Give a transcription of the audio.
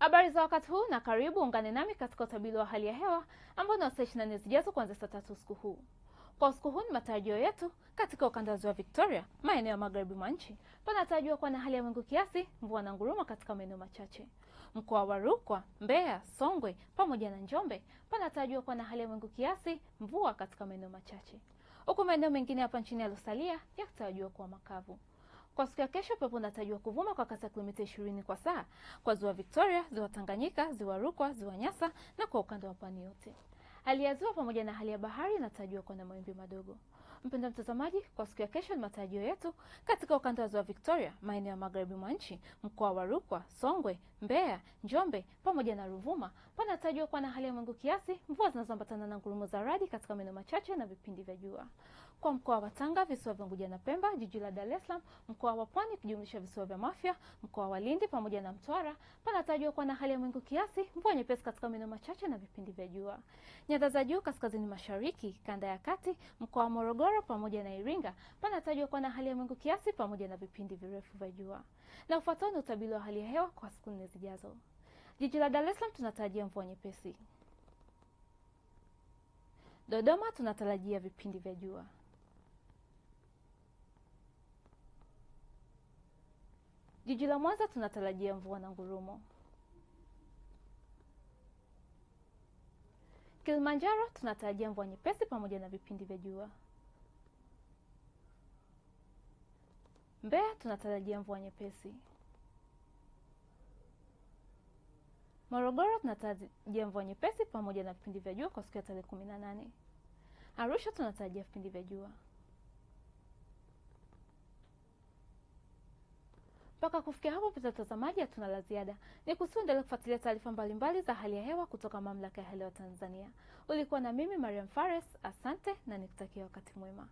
Habari za wakati huu na karibu ungane nami katika utabili wa hali ya hewa ambao ni wa saa zijazo kuanzia saa tatu usiku huu. Kwa usiku huu ni matarajio yetu katika ukanda wa Victoria, maeneo ya magharibi mwa nchi, panatarajiwa kuwa na hali ya mwingu kiasi, mvua na nguruma katika maeneo machache. Mkoa wa Rukwa, Mbeya, Songwe pamoja na Njombe panatarajiwa kuwa na hali ya wingu kiasi, mvua katika maeneo machache, huku maeneo mengine hapa nchini yaliyosalia yakitarajiwa kuwa makavu. Kwa siku ya kesho pepo inatarajiwa kuvuma kwa kasi ya kilomita 20 kwa saa kwa ziwa Victoria, ziwa Tanganyika, ziwa Rukwa, ziwa Nyasa na kwa ukanda wa pwani yote. Hali ya ziwa pamoja na hali ya bahari inatarajiwa kuwa na mawimbi madogo. Mpendwa mtazamaji, kwa siku ya kesho ni matarajio yetu katika ukanda wa ziwa Victoria, maeneo ya magharibi mwa nchi, mkoa wa Rukwa, Songwe, Mbeya, Njombe pamoja na Ruvuma panatarajiwa kuwa na hali ya mawingu kiasi, mvua zinazoambatana na ngurumo za radi katika maeneo machache na vipindi vya jua kwa mkoa wa Tanga, visiwa vya Unguja na Pemba, jiji la Dar es Salaam, mkoa wa Pwani kujumlisha visiwa vya Mafia, mkoa wa Lindi pamoja na Mtwara panatajwa kuwa na hali ya mawingu kiasi, mvua nyepesi katika maeneo machache na vipindi vya jua. Nyanda za juu kaskazini mashariki, kanda ya kati, mkoa wa Morogoro pamoja na Iringa panatajwa kuwa na hali ya mawingu kiasi pamoja na vipindi virefu vya jua. Na ufuatao ni utabiri wa hali ya hewa kwa siku nne zijazo. Jiji la Dar es Salaam tunatarajia mvua nyepesi. Dodoma tunatarajia vipindi vya jua. Jiji la Mwanza tunatarajia mvua na ngurumo. Kilimanjaro tunatarajia mvua nyepesi pamoja na vipindi vya jua. Mbeya tunatarajia mvua nyepesi. Morogoro tunatarajia mvua nyepesi pamoja na vipindi vya jua kwa siku ya tarehe kumi na nane. Arusha tunatarajia vipindi vya jua. Mpaka kufikia hapo, pita mtazamaji, hatuna la ziada, ni kusiendelea kufuatilia taarifa mbalimbali za hali ya hewa kutoka mamlaka ya hali ya hewa Tanzania. Ulikuwa na mimi Mariam Fares, asante na nikutakia wakati mwema.